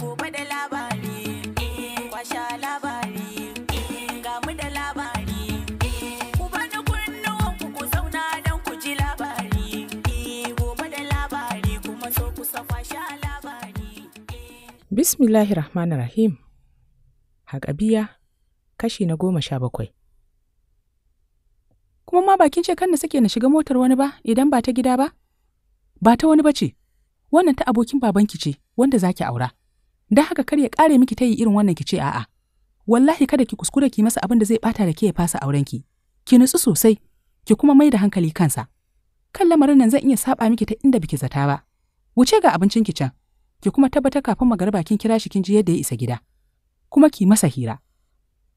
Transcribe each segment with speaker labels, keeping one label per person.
Speaker 1: gobe da labari eh, kwasha labari eh, ga mu da labari eh, ku bani kunnuwan ku ku zauna don ku ji labari gobe da labari kuma so ku sa kwasha labari bismillahir rahmanir rahim haƙabiya kashi na goma sha bakwai kuma ma bakin ce kan da suke na shiga motar wani ba idan ba ta gida ba ba ta wani ba ce wannan ta abokin babanki ce wanda zaki aura don haka kar ya kare miki ta yi irin wannan ki ce a'a wallahi kada ki kuskura ki masa abin da zai bata da ke ya fasa aurenki ki nutsu sosai ki kuma mai da hankali kansa kan lamarin nan zan iya saba miki ta inda biki zata ba wuce ga abincin ki can ki kuma tabbata kafin magarba kin kira shi kin ji yadda ya isa gida kuma ki masa hira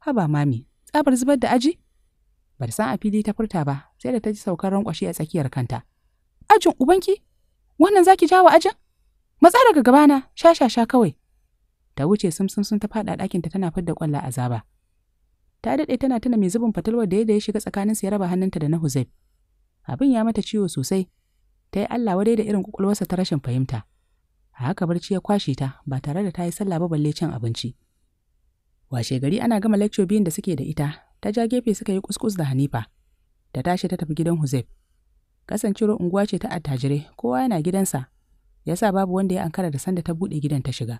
Speaker 1: haba mami tsabar zubar da aji ba san a fili ta furta ba sai da ta ji saukar rankwashi a tsakiyar kanta ajin ubanki wannan zaki jawo ajin matsa daga gabana shashasha kawai ta wuce sun ta faɗa ɗakinta tana fidda ƙwalla azaba. Ta daɗe tana tuna mai zubin fatalwar da ya shiga tsakanin ya raba hannunta da na Huzaib. Abin ya mata ciwo sosai, ta yi Allah wadai da irin ƙwaƙwalwarsa ta rashin fahimta. A haka barci ya kwashe ta ba tare da ta yi sallah ba balle cin abinci. Washe gari ana gama lecture biyun da suke da ita, ta ja gefe suka yi kuskus da Hanifa. Ta tashi ta tafi gidan Huzaib. Kasancewar unguwa ce ta attajirai, kowa yana gidansa, yasa babu wanda ya ankara da sanda ta buɗe gidan ta shiga.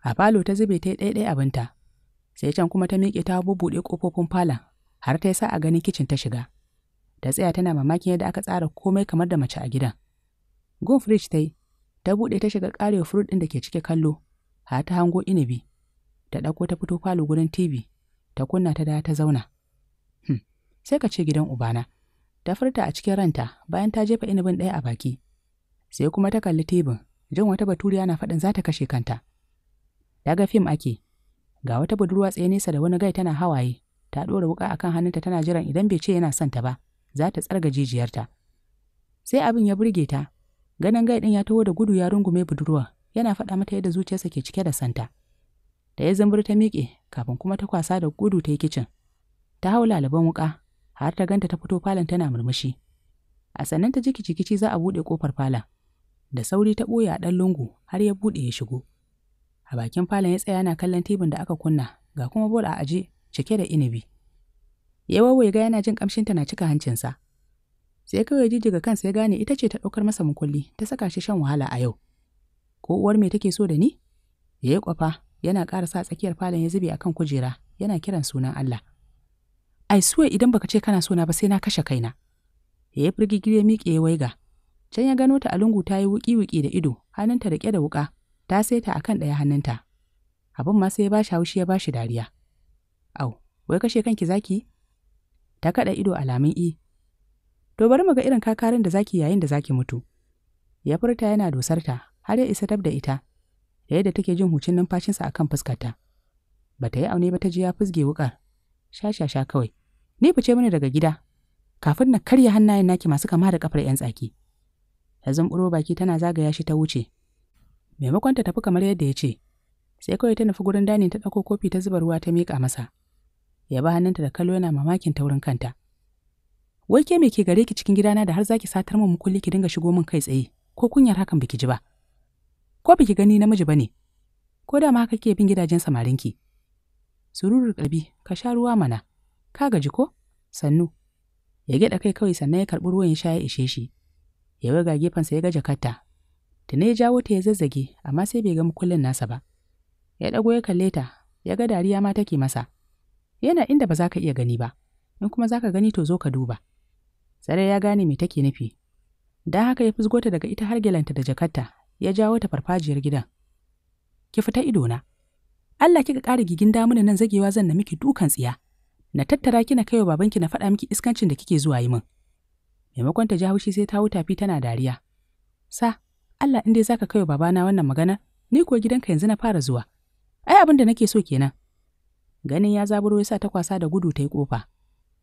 Speaker 1: a falo ta zube ta yi ɗaiɗai abinta sai can kuma ta miƙe ta bubuɗe ƙofofin falon har ta yi sa a ganin kicin ta shiga ta tsaya tana mamakin yadda aka tsara komai kamar da mace a gidan gun fridge ta yi ta buɗe ta shiga ƙarewa fruit ɗin da ke cike kallo har ta hango inabi ta ɗauko ta fito falo gurin tv ta kunna ta da ta zauna hmm. sai ka ce gidan ubana ta furta a cikin ranta bayan ta jefa inabin ɗaya a baki sai kuma ta kalli tebin jin wata baturiya na faɗin za ta kashe kanta ta ga fim ake ga wata budurwa tsaye nesa da wani gai tana hawaye ta ɗora wuka akan hannunta tana jiran idan bai ce yana son ta ba za ta tsarga jijiyarta sai abin ya burge ta ganin gai ɗin ya taho da gudu ya rungume budurwa yana faɗa mata yadda zuciyarsa ke cike da santa da ya zumbur ta miƙe kafin kuma ta kwasa da gudu ta yi kicin ta hau laliban wuƙa har ta ganta ta fito falon tana murmushi a sannan ta jiki cikici za a buɗe ƙofar falon da sauri ta ɓoye a ɗan lungu har ya buɗe ya shigo a bakin falon ya tsaya yana kallon tibin da aka kunna ga kuma bol a aje cike da inibi ya wawaye ga yana jin kamshin ta na cika hancinsa sai kawai jijjiga kansa ya gane ita ce ta ɗaukar masa mukulli ta saka shi shan wahala a yau ko uwar me take so da ni ya yi kwafa yana ƙara sa tsakiyar falon ya zube akan kujera yana kiran sunan Allah ai suwa idan baka ce kana sona ba sai na kashe kaina ya yi firgigire miƙe ya waiga can ya gano ta a lungu ta yi wuƙi-wuƙi da ido hannunta riƙe da wuƙa ta saita a kan ɗaya hannunta. Abin ma sai ya bashi haushi ya ba shi dariya. Au, wai kashe kanki zaki? Ta kaɗa ido alamun i. To bari mu ga irin kakarin da zaki yayin da zaki mutu. Ya furta yana dosarta har ya isa tab da ita, yayin da take jin hucin numfashinsa a kan fuskarta. Ba ta yi aune ba ta ji ya fusge wukar. Sha sha sha kawai. Ni fice mini daga gida. Kafin na karya hannayen naki masu kama da kafar 'yan tsaki. Yanzu buro baki tana zagaya shi ta wuce. maimakon ta tafi kamar yadda ya ce sai kawai ta nufi gurin dani ta ɗauko kofi ta zuba ruwa ta miƙa masa ya ba hannunta da kallo yana mamakin ta wurin kanta wai ke me ke gare ki cikin gidana da har zaki satar min mukulli ki dinga shigo min kai tsaye ko kunyar hakan biki ji ba ko biki gani namiji ne? ko da ma haka kike bin gidajen samarinki sururu kalbi ka sha ruwa mana ka gaji ko sannu ya gyaɗa kai kawai sannan ya karɓi ruwan ya sha ya ishe shi ya ga gefensa ya ga jakarta Tuna ya jawo ta ya zazzage, amma sai bai ga mukullin nasa ba. Ya ɗago ya kalle ta, ya ga dariya ma take masa. Yana inda ba za ka iya gani ba, in kuma za ka gani to zo ka duba. Sare ya gane me take nufi. Don haka ya fusgo ta daga ita har gelanta da jakarta, ya jawo ta farfajiyar gidan. Ki fita ido na Allah kika ƙara gigin damuna nan zagewa zan na miki dukan tsiya. Na tattara kina kaiwa babanki na faɗa miki iskancin da kike zuwa yi min. Maimakon ta ja haushi sai ta wuta fi tana dariya. Sa, Allah in dai zaka kai wa babana wannan magana, ni kuwa gidanka yanzu na fara zuwa. Ai abin da nake so kenan. Ganin ya zaburo ya sa ta kwasa da gudu ta yi kofa.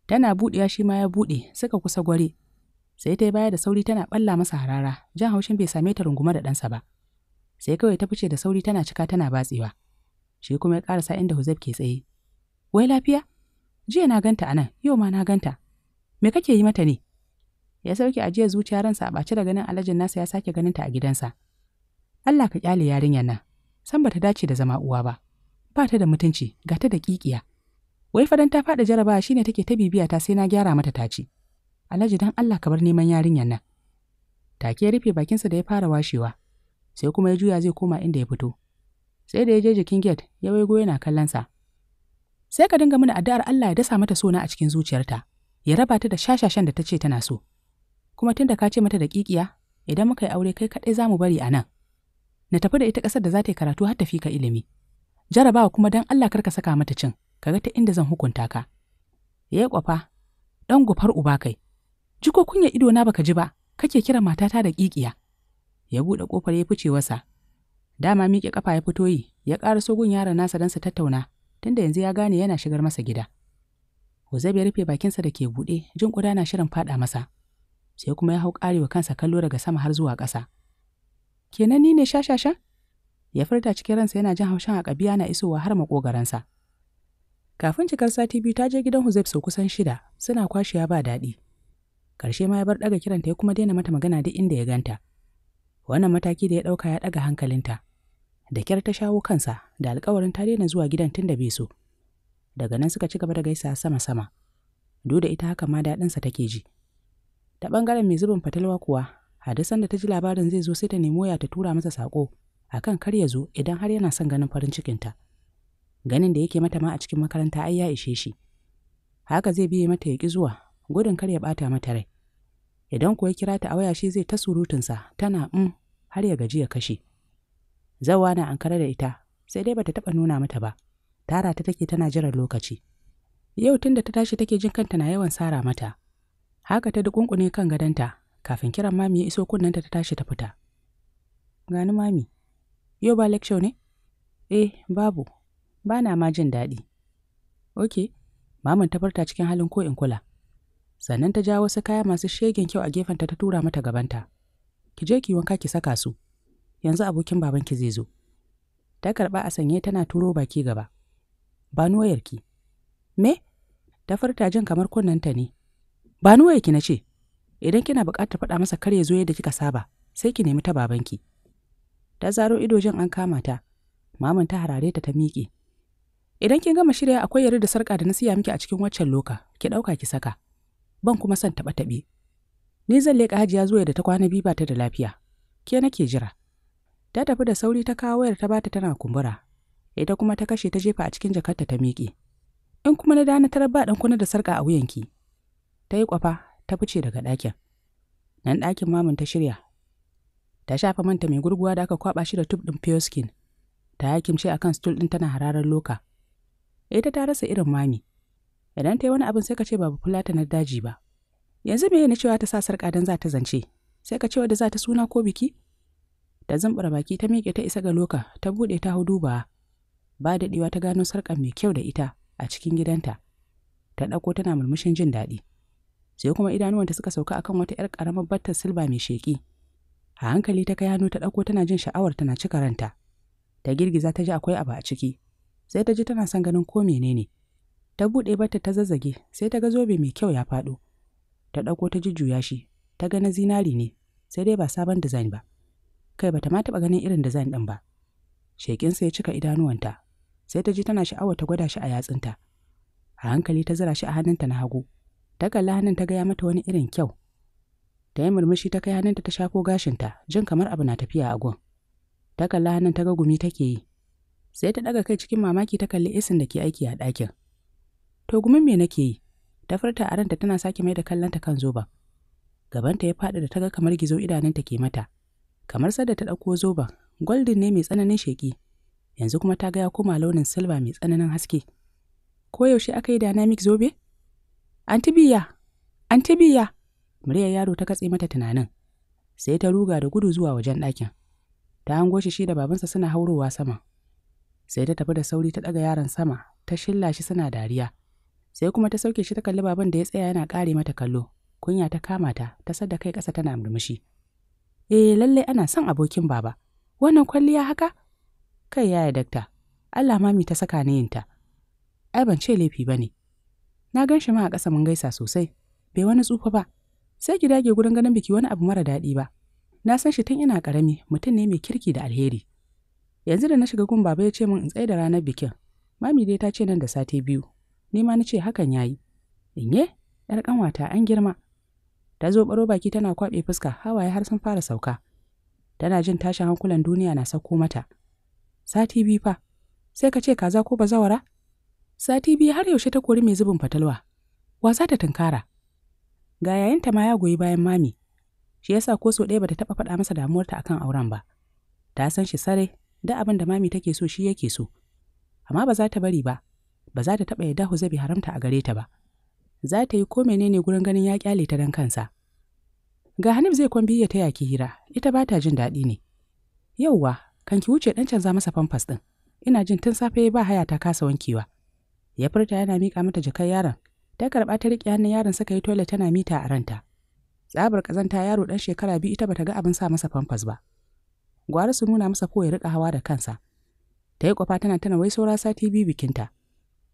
Speaker 1: Tana buɗewa shi ma ya buɗe, suka kusa gwari. Sai ta yi baya da sauri tana ɓalla masa harara, jan haushin bai same ta runguma da ɗansa ba. Sai kawai ta fice da sauri tana cika tana batsewa. Shi kuma ya ƙarasa inda Huzaif ke tsaye. Wai lafiya? Jiya na ganta anan, yau ma na ganta. Me kake yi mata ne? ya sauke ajiyar zuciya ransa a ɓace da ganin alajin nasa ya sake ganinta a gidansa. Allah ka kyale yarinyar nan, san bata dace da zama uwa ba. Ba ta da mutunci, ga ta da ƙiƙiya. Wai fadan ta faɗa jarabawa shine take ta bibiya ta sai na gyara mata taci. Alhaji dan Allah ka bar neman yarinyar nan. Take ya rufe bakinsa da ya fara washewa, sai kuma ya juya zai koma inda ya fito. Sai da ya je jikin gate, ya waigo yana sa. Sai ka dinga mana addu'ar Allah ya dasa mata sona a cikin zuciyarta, ya raba ta da shashashan da ta ce tana so. kuma tunda ka ce mata daƙiƙiya, idan muka yi aure kai kaɗai za mu bari a nan na tafi da ita ƙasar da za ta yi karatu har ta fika ilimi jarabawa kuma don Allah kar saka mata cin ka ga ta inda zan hukunta ka yayi kwafa dan gufar uba kai ji ko kunya ido na baka ji ba kake kira matata da kikiya ya buɗe kofar ya fice wasa dama miƙe ƙafa ya fito yi ya ƙara sogun yaron nasa don sa tattauna tunda yanzu ya gane yana shigar masa gida. Wazabi ya rufe bakinsa da ke buɗe, jin ƙuda na shirin faɗa masa. sai kuma ya hau ƙari wa kansa kallo daga sama har zuwa ƙasa. Kenan ni ne shashasha? Ya furta cikin ransa yana jin haushin a na isowa har maƙogaransa. Kafin cikar sati biyu ta je gidan Huzaif sau kusan shida suna kwashewa ba daɗi. Ƙarshe ma ya bar ɗaga kiranta ya kuma daina mata magana duk inda ya ganta. Wannan mataki da ya ɗauka ya ɗaga hankalinta. Da kyar ta shawo kansa da alƙawarin ta daina zuwa gidan tun da bai so. Daga nan suka ci gaba da gaisa sama-sama. Duk da ita haka ma daɗinsa take ji. ta ɓangaren mai zubin fatalwa kuwa hadisan da ta ji labarin zai zo sai ta nemo ya ta tura masa saƙo kan kar ya zo idan har yana son ganin farin cikinta ganin da yake mata ma a cikin makaranta ai ya ishe shi haka zai biye mata ya ƙi zuwa gudun kar ya ɓata mata rai idan kuwa kira ta a waya shi zai ta surutunsa tana um har ya gaji ya kashe zawa na ankara da ita sai dai bata taɓa nuna mata ba tara ta take tana jiran lokaci yau tunda ta tashi take jin kanta na yawan sara mata Haka ta dukunkune kan gadonta kafin kiran mami ya iso kunnenta ta tashi ta fita. Gani mami, yau ba lecture ne? Eh, babu, ba na ma jin daɗi. Ok, maman ta furta cikin halin ko in kula. Sannan ta ja wasu kaya masu shegen kyau a gefenta ta tura mata gabanta. Ki je ki wanka ki saka su, yanzu abokin babanki zai zo. Ta karɓa a sanye tana turo baki gaba. Ba wayarki. Me? Ta furta jin kamar kunnenta ne. ba ni ki na ce idan kina buƙatar faɗa masa kar ya zo yadda kika saba sai ki nemi ta babanki ta zaro ido jin an kama ta maman ta harare ta ta miƙe idan kin gama shirya akwai yare da sarƙa da na siya miki a cikin waccan loka ki ɗauka ki saka ban kuma son taɓa taɓe ni zan leƙa hajiya zuwa da ta kwana biyu ba ta da lafiya ke nake jira ta tafi da sauri ta kawo wayar ta bata tana kumbura ita kuma ta kashe ta jefa a cikin jakarta ta miƙe in kuma na dana tarar ba ɗan kuna da sarƙa a wuyanki ta yi kwafa ta fice daga ɗakin nan ɗakin mamin ta shirya ta shafa manta mai gurguwa da aka kwaba shi da tub ɗin fioskin ta hakimce a kan stool ɗin tana hararar loka ita ta rasa irin mami idan ta yi wani abin sai ka ce babu fulata na daji ba yanzu me na cewa ta sa sarƙa don za ta zance sai ka ce wadda za ta suna ko biki Da zumbura baki ta miƙe ta isa ga loka ta buɗe ta hau dubawa ba daɗewa ta gano sarƙa mai kyau da ita a cikin gidanta ta ɗauko tana murmushin jin daɗi sai kuma idanuwanta suka sauka akan wata 'yar ƙaramar battar silba mai sheƙi. A hankali ta kai hannu ta ɗauko tana jin sha'awar tana cika ranta. Ta girgiza ta ji akwai abu a ciki. Sai ta ji tana son ganin ko menene. Ta buɗe bata ta zazzage sai ta ga zobe mai kyau ya faɗo. Ta ɗauko ta jujjuya shi. Ta ga na zinari ne sai dai ba sabon design ba. Kai bata ma taɓa ganin irin design ɗin ba. Sheƙinsa ya cika idanuwanta. Sai ta ji tana sha'awar ta gwada shi a yatsunta. A hankali ta zira shi a hannunta na hagu. ta kalli hannun ta gaya mata wani irin kyau ta yi murmushi ta kai hannunta ta shafo gashinta jin kamar abu na tafiya a gun ta kalli hannun ta ga gumi take yi sai ta daga kai cikin mamaki ta kalli isin da ke aiki a ɗakin to gumin me nake yi ta furta a ranta tana sake mai da kallonta kan zoban gabanta ya faɗi da ta ga kamar gizo idanunta ke mata kamar sadda ta ɗauko zoben, goldin ne mai tsananin sheƙi yanzu kuma ta gaya ya koma launin silba mai tsananin haske Ko yaushe aka yi dynamic zobe Antibiya, Antibiya, muryar yaro ta katse mata tunanin. Sai ta ruga da gudu zuwa wajen ɗakin. Ta hango shi shi da babansa suna haurowa sama. Sai ta tafi da sauri ta ɗaga yaron sama, ta shilla shi suna dariya. Sai kuma ta sauke shi ta kalli baban da ya tsaya yana ƙare mata kallo. Kunya ta kama ta, ta sadda kai ƙasa tana murmushi. Eh, lallai ana son abokin baba. Wannan kwalliya haka? Kai yaya dakta, Allah mami ta saka ni yinta. Ai ban ce laifi ba ne. Na gan shi ma a ƙasa mun gaisa sosai. Bai wani tsufa ba. Sai ki dage gurin ganin biki wani abu mara daɗi ba. Na san shi tun ina ƙarami mutum ne mai kirki da alheri. Yanzu da na shiga gun baba ya ce min in tsaye da ranar bikin. Mami dai ta ce nan da sati biyu. Ni ma na ce hakan ya yi. Inye, ‘yar ƙanwata an girma. Ta zo baro baki tana kwaɓe fuska hawaye har sun fara sauka. Tana jin tashin hankulan duniya na sauko mata. Sati biyu fa, sai ka ce kaza ko bazawara? Sati biyu har yaushe ta kori mai zubin fatalwa, wasa ta tunkara. Ga yayinta ma ya goyi bayan mami, shi yasa ko sau ɗaya bata taɓa faɗa masa damuwarta akan auren ba. Ta san shi sare, da abin da mami take so shi yake so. Amma ba za ta bari ba, ba za ta taɓa yadda Huzabi haramta a gare ta ba. Za ta yi ko menene gurin ganin ya kyale ta don kansa. Ga Hanif zai kwambi ya ta yaki hira, ita ba ta jin daɗi ne. Yauwa, kan ki wuce ɗan canza masa famfas ɗin. Ina jin tun safe ba haya ta kasa wankewa. ya furta yana mika mata jakar yaron ta karɓa ta riƙe hannun yaron suka yi toilet tana mita a ranta tsabar ƙazanta yaro ɗan shekara biyu ita bata ga abin sa masa famfas ba gwara su nuna masa ko ya riƙa hawa da kansa ta yi kwafa tana tana wai saura sati biyu bikinta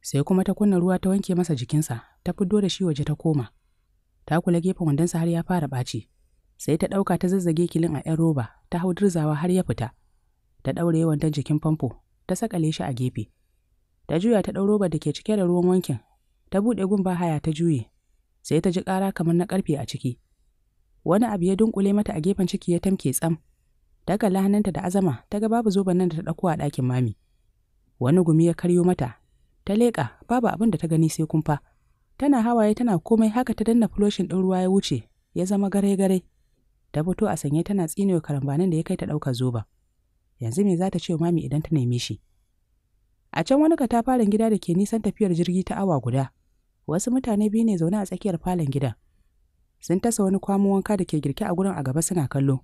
Speaker 1: sai kuma ta kunna ruwa ta wanke masa jikinsa ta fiddo da shi waje ta koma ta kula gefen wandonsa har ya fara ɓaci sai ta ɗauka ta zazzage kilin a 'yan roba ta hau dirzawa har ya fita ta ɗaure wandon jikin famfo ta sakale shi a gefe ta juya ta ɗau robar da ke cike da ruwan wankin ta buɗe gun haya ta juye sai ta ji ƙara kamar na ƙarfe a ciki wani abu ya dunkule mata a gefen ciki ya tamke tsam ta kalli hannunta da azama ta ga babu zoben nan da ta ɗauko a ɗakin mami wani gumi ya karyo mata ta leƙa babu abin da ta gani sai kumfa tana hawaye tana komai haka ta danna fuloshin ɗin ruwa ya wuce ya zama gare-gare ta fito a sanye tana tsinewa karambanin da ya kai ta ɗaukar zoba yanzu me za ta ce mami idan ta neme shi A can wani katafaren gida da ke nisan tafiyar jirgi ta awa guda, wasu mutane biyu ne zaune a tsakiyar falon gidan. Sun tasa wani kwamo wanka da ke girke a gurin a gaba suna kallo.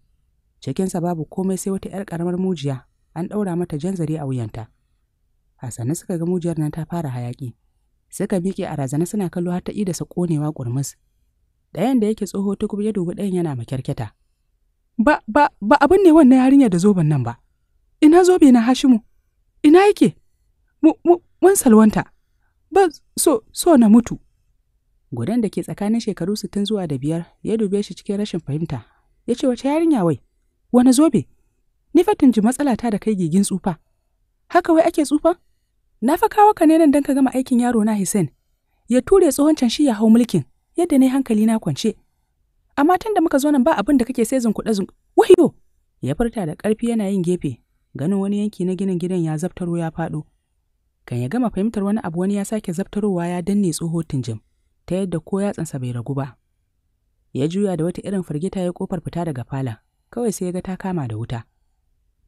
Speaker 1: Cikinsa babu komai sai wata 'yar ƙaramar mujiya, an ɗaura mata jan zare a wuyanta. A sanne suka ga mujiyar nan ta fara hayaki. Suka miƙe a razana suna kallo har ta ida sa ƙonewa ƙurmus. Ɗayan da yake tsoho tukub ya dubi ɗayan yana makyarkyata. Ba, ba, ba abin ne wannan yarinya da zoben nan ba. Ina zobe na Hashimu? Ina yake? mun salwanta ba so so na mutu gudan da ke tsakanin shekaru sittin zuwa da biyar ya dube shi cikin rashin fahimta ya ce wace yarinya wai wani zobe ni fatin ji ta da kai gigin tsufa haka wai ake tsufa na fa kawo ka ne nan don ka gama aikin yaro na Hussein ya ture tsohon can shi ya hau mulkin yadda ne hankali na kwance amma tun da muka zo nan ba abin da kake sai zunkuɗe zun ya furta da ƙarfi yana yin gefe ganin wani yanki na ginin gidan ya zabtaro ya faɗo kan ya gama fahimtar wani abu wani ya sake zabtarowa ya danne tsoho tunjim ta yadda ko yatsansa bai ragu ba ya juya da wata irin firgita ya kofar fita daga fala kawai sai ya ga ta kama da wuta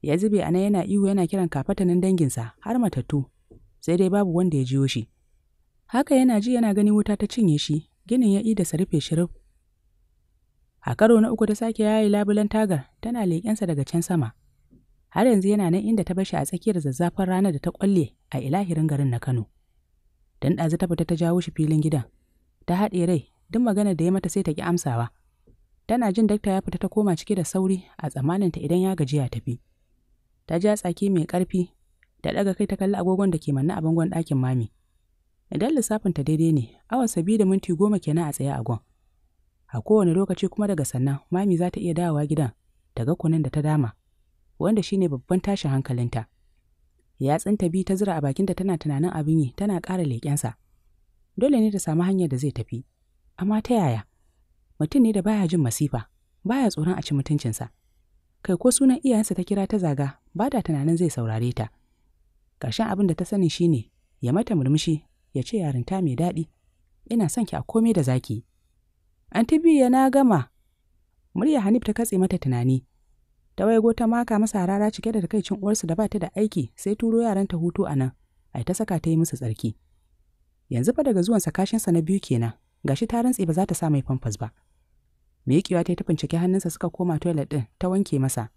Speaker 1: ya zube ana yana ihu yana kiran kafatanin danginsa har matattu sai dai babu wanda ya jiyo shi haka yana ji yana gani wuta ta cinye shi ginin ya ida rufe shirif a karo na uku ta sake yayi labulen tagar tana leƙensa daga can sama har yanzu yana nan inda ta bashi a tsakiyar zazzafin ranar da ta kwalle a ilahirin garin na Kano. Dan ɗazu ta fita ta jawo shi filin gidan. Ta haɗe rai, duk maganar da ya mata sai ta ki amsawa. Tana jin dakta ya fita ta koma cike da sauri a tsammaninta idan ya gajiya tafi. Ta ja tsaki mai ƙarfi, ta ɗaga kai ta kalli agogon da ke manna a bangon ɗakin mami. Idan lissafinta daidai ne, awa sabi da minti goma kenan a tsaye a gon. A kowane lokaci kuma daga sannan, mami za ta iya dawowa gidan, daga ga kunin da ta dama. wanda shine babban tashin hankalinta. Yatsinta biyu ta zira a bakinta tana tunanin abin yi tana ƙara leƙensa. Dole ne ta samu hanyar da zai tafi, amma ta yaya? Mutum ne da baya jin masifa, baya tsoron a ci mutuncinsa. Kai ko sunan iyayensa ta kira ta zaga, ba da tunanin zai saurare ta. Ƙarshen abin da ta sani shine ya mata murmushi ya ce yarinta mai daɗi, ina son ki a komai da zaki. ya na gama, murya Hanif ta katse mata tunani, Tawaigo ta maka masa rara cike da takaicin uwarsa da ba ta da aiki sai turo yaran ta hutu a nan, ai ta saka ta yi musu tsarki. Yanzu fa daga zuwan sakashinsa na biyu kenan, gashi ta rantse ba za ta sa mai famfas ba. Miƙewa ta yi ta bincike hannunsa suka koma toilet ɗin ta wanke masa.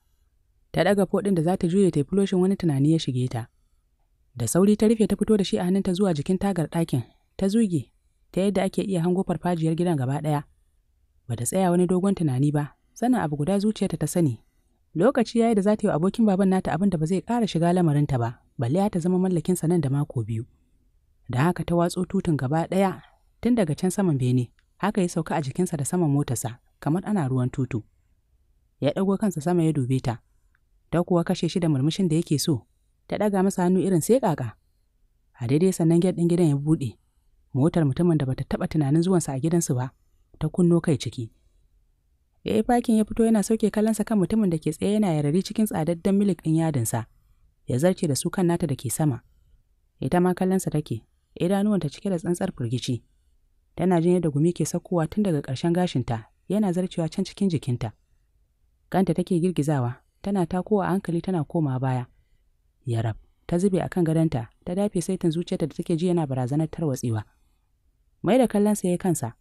Speaker 1: Ta ɗaga foɗin da za ta juye ta filoshin wani tunani ya shige ta. Da sauri ta rufe ta fito da shi a hannunta zuwa jikin tagar ɗakin, ta zuge, ta yadda ake iya hango farfajiyar gidan gaba ɗaya. Ba ta tsaya wani dogon tunani ba, sanin abu guda zuciyarta ta sani lokaci yayi da za ta yi abokin baban nata abin da ba zai ƙara shiga lamarinta ba balle ta zama mallakinsa nan da mako biyu da haka ta watso tutun gaba ɗaya tun daga can saman bene haka ya sauka a jikinsa da saman motarsa kamar ana ruwan tutu ya ɗago kansa sama ya dube ta ta kuwa kashe shi da murmushin da yake so ta ɗaga masa hannu irin sai ƙaƙa a daidai sannan gate ɗin gidan ya buɗe motar mutumin da bata taɓa tunanin zuwansa a gidansu ba ta kunno kai ciki Ya yi fakin ya fito yana sauke kalansa kan mutumin da ke tsaye yana yarari cikin tsadaddan milik ɗin yadinsa. Ya zarce da su kan nata da ke sama. Ita ma kallonsa take, idanuwanta cike da tsantsar firgici. Tana jin yadda gumi ke saukowa tun daga ƙarshen gashinta, yana zarcewa can cikin jikinta. Kanta take girgizawa, tana takowa a hankali tana koma baya. Yarab, ta zube a kan gadonta, ta dafe saitin zuciyarta da take ji yana barazanar tarwatsewa. Mai da kallonsa ya yi kansa,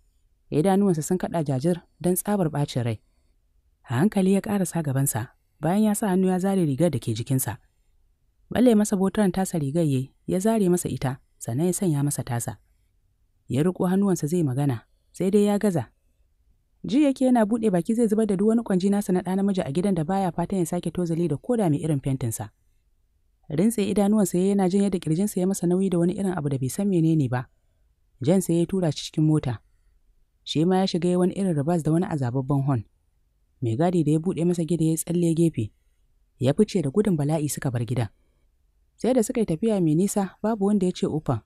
Speaker 1: idanuwansa sun kaɗa jajir don tsabar ɓacin rai. A hankali ya ƙarasa gabansa, bayan ya sa hannu ya zare rigar da ke jikinsa. Balle masa botaran tasa rigar ya ya zare masa ita, sannan ya sanya masa tasa. Ya riƙo hannuwansa zai magana, sai dai ya gaza. Ji yake yana buɗe baki zai zubar da duk wani ƙwanji nasa na ɗa namiji a gidan da baya fatan ya sake tozali da koda mai irin fentinsa. Rintse idanuwansa ya yana jin yadda ƙirjinsa ya masa nauyi da wani irin abu da bai san menene ba. Jan sai ya tura shi cikin mota. shi ma ya shiga wani irin rabas da wani azababban hon mai gadi da ya buɗe masa gida ya tsalle gefe ya fice da gudun bala'i suka bar gida. sai da suka yi tafiya mai nisa babu wanda ya ce ufa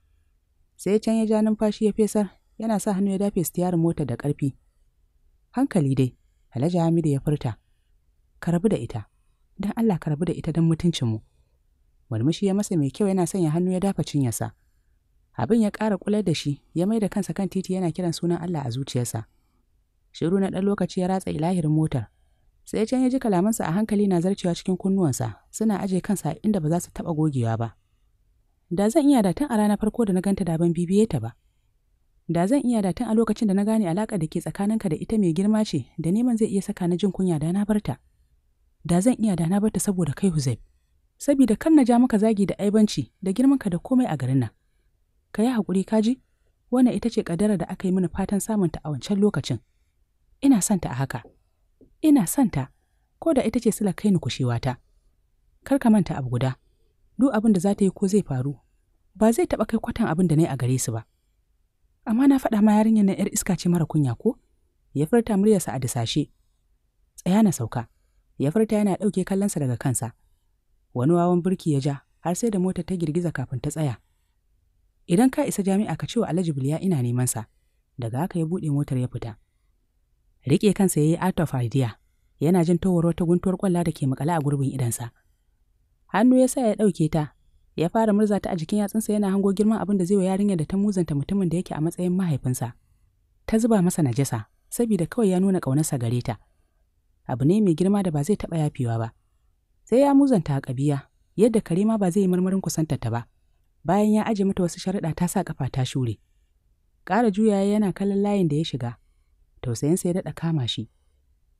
Speaker 1: sai can ya ja numfashi ya fesar yana sa hannu ya dafe stiyarin motar da ƙarfi hankali dai alhaji hamidu ya furta karbu da ita don allah karbu da ita don mutuncinmu murmushi ya masa mai kyau yana sanya hannu ya dafa cinyarsa abin ya ƙara kular da shi ya mai da kansa kan titi yana kiran sunan Allah a zuciyarsa shiru na ɗan lokaci ya ratsa ilahirin motar sai can ya ji kalamansa a hankali na zarcewa cikin kunnuwansa suna aje kansa inda ba za su taɓa gogewa ba da zan iya da a ranar farko da na ganta da ban bibiye ta ba da zan iya da a lokacin da na gane alaƙa da ke tsakaninka da ita mai girma ce da neman zai iya saka na jin kunya da na barta da zan iya da na barta saboda kai Huzaib sabida kar na ja maka zagi da aibanci da girmanka da komai a garin nan ka yi haƙuri kaji wannan ita ce ƙadara da aka yi mini fatan samunta a wancan lokacin ina son a haka ina son ko da ita ce sila kai ni ta. kar ka manta abu guda duk abin da za ta yi ko zai faru ba zai taɓa kai kwatan abin da na yi a gare su ba amma na faɗa ma yarinyar na 'yar iska ce mara kunya ko ya furta muryarsa a disashe tsaya na sauka ya furta yana ɗauke kallonsa daga kansa wani wawan birki ya ja har sai da motar ta girgiza kafin ta tsaya Idan ka isa jami'a ka ce wa Alhaji Biliya ina neman sa. Daga haka ya buɗe motar ya fita. Riƙe kansa ya yi out of idea. Yana jin towar wata guntuwar kwalla da ke makale a gurbin idansa. Hannu ya sa ya ɗauke ta, ya fara murza ta a jikin yatsunsa yana hango girman abin da zai wa yarinyar da ta muzanta mutumin da yake a matsayin mahaifinsa. Ta zuba masa najasa, saboda kawai ya nuna ƙaunarsa gare ta. Abu ne mai girma da ba zai taɓa yafewa ba. Sai ya muzanta a ƙabiya, yadda kare ma ba zai yi marmarin kusantar ta ba. bayan ya aje mata wasu sharuɗa ta sa kafa ta shure. Ƙara juyaye yana kallon layin da ya shiga, tausayinsa ya daɗa kama shi.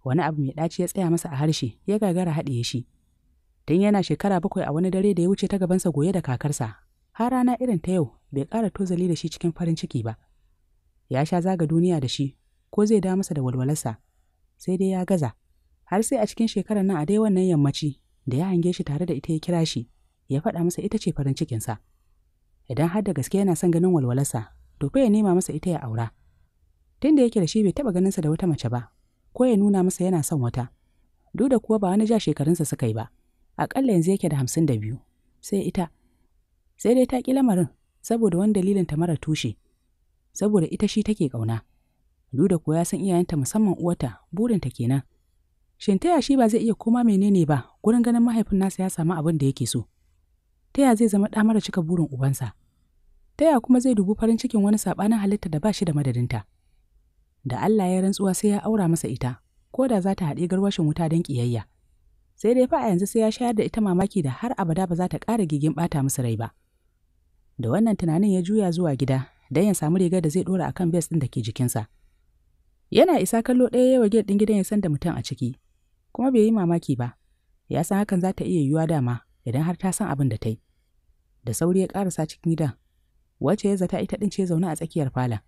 Speaker 1: Wani abu mai ɗaci ya tsaya masa a harshe, ya gagara haɗiye shi. Tun yana shekara bakwai a wani dare da ya wuce ta gabansa goye da kakarsa, har rana irin ta yau bai ƙara tozali da shi cikin farin ciki ba. Ya sha zaga duniya da shi, ko zai da masa da walwalarsa, sai dai ya gaza. Har sai a cikin shekarar nan a dai wannan yammaci da ya hange shi tare da ita ya kira shi, ya faɗa masa ita ce farin cikinsa. idan har da gaske yana son ganin walwalarsa to fa ya nema masa ita ya aura tunda yake da shi bai taɓa ganinsa da wata mace ba ko ya nuna masa yana son wata duk da kuwa ba wani ja shekarunsa suka yi ba aƙalla yanzu yake da hamsin da biyu sai ita sai dai ta ƙi lamarin saboda wani dalilin ta mara tushe saboda ita shi take ƙauna duk da kuwa ya san iyayenta musamman uwata burinta kenan shin ta yashi ba zai iya koma menene ba gurin ganin mahaifin nasa ya samu abin da yake so ta ya zai zama ɗa mara cika burin ubansa ta ya kuma zai dubi farin cikin wani saɓanin halitta da ba shi da madadinta da Allah ya rantsuwa sai ya aura masa ita ko da za ta haɗe garwashin wuta don ƙiyayya sai dai fa a yanzu sai ya shayar da ita mamaki da har abada ba za ta ƙara gigin ɓata musu rai ba da wannan tunanin ya juya zuwa gida don ya samu rigar da zai ɗora akan bes ɗin da ke jikinsa yana isa kallo ɗaya yawa gate ɗin gidan ya san da mutum a ciki kuma bai yi mamaki ba ya san hakan za ta iya yiwuwa dama idan har ta san abin da ta yi da sauri ya ƙarasa cikin gidan wacce ya zata ita ɗin ce zaune a tsakiyar falon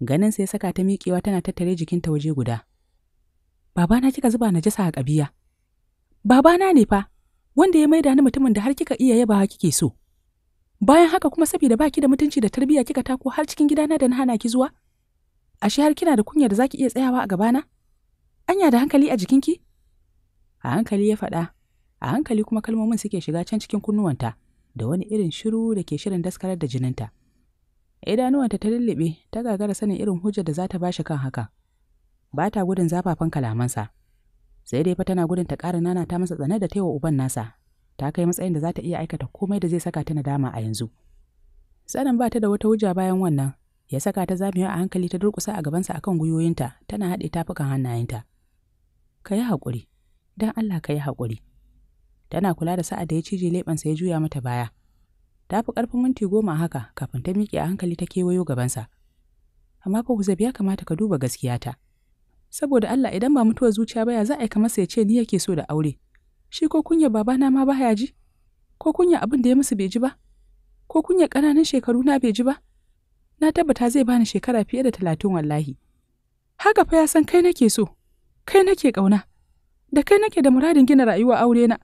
Speaker 1: ganin sai saka ta miƙewa tana tattare jikinta waje guda babana kika zuba na jasa a ƙabiya babana ne fa wanda ya maida ni mutumin da har kika iya yabawa kike so bayan haka kuma saboda baki da mutunci da tarbiyya kika tako har cikin gidana da na hana ki zuwa ashe har kina da kunya da zaki iya tsayawa a gabana anya da hankali a jikinki a hankali ya faɗa a hankali kuma kalmomin suke shiga can cikin kunnuwanta da wani irin shiru da ke shirin daskarar da jininta idanuwanta ta lullube ta gagara sanin irin hujjar da za ta bashi kan haka ba ta gudun zafafan kalamansa sai dai fa tana gudun ta ƙara nana ta masa tsane da taiwa uban nasa ta kai matsayin da za ta iya aikata komai da zai saka ta nadama a yanzu sanin ba ta da wata hujja bayan wannan ya saka ta zamewa a hankali ta durƙusa a gabansa akan gwiwoyinta tana haɗe tafukan hannayenta ka yi haƙuri don allah ka yi haƙuri tana kula da sa'ad da ya cije leɓensa ya juya mata baya. Ta fi ƙarfin minti goma haka kafin ta miƙe a hankali ta kewayo gabansa. Amma fa Huzaib ya kamata ka duba gaskiya gaskiyata. Saboda Allah idan ba mutuwar zuciya baya za a yi masa ya ce ni yake so da aure. Shi ko kunya babana ma baya ji? Ko kunya abin da ya musu bai ji ba? Ko kunya ƙananan shekaru na bai ji ba? Na tabbata zai bani shekara fiye da talatin wallahi. Haka fa ya san kai nake so, kai nake ƙauna, da kai nake da muradin gina rayuwa aure na.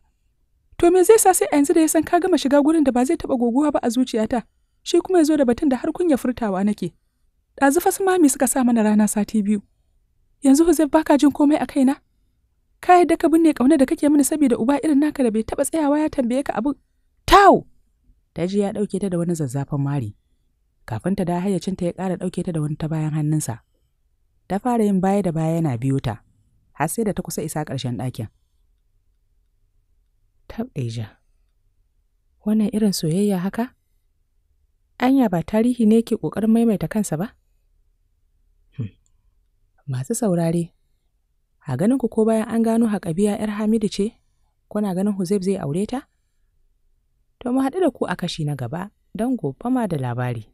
Speaker 1: To me zai sa sai a yanzu da ya san ka gama shiga gurin da ba zai taɓa goguwa ba a zuciyata, shi kuma ya zo da batun da har kunya furtawa nake. Ɗazu fa mami suka sa mana rana sati biyu. Yanzu Huzef baka jin komai a kaina? Ka yadda ka binne ƙauna da kake mini saboda uba irin naka da bai taɓa tsayawa ya tambaye ka abu Tau! Daji ya ɗauke ta da wani zazzafan mari. Kafin ta da hayyacinta ya ƙara ɗauke ta da wani ta bayan hannunsa. Ta fara yin baya da baya yana biyo ta, har sai da ta kusa isa ƙarshen ɗakin. Ta Tabɗeja. Wannan irin soyayya haka? Anya ba tarihi ne ke ƙoƙarin maimaita kansa ba? Hmm. Masu saurare, a ganinku ko bayan an gano haƙabiya 'yar Hamidu ce, kuna ganin Huzaib zai aure ta? To mu haɗu da ku a kashi na gaba don gobe da labari.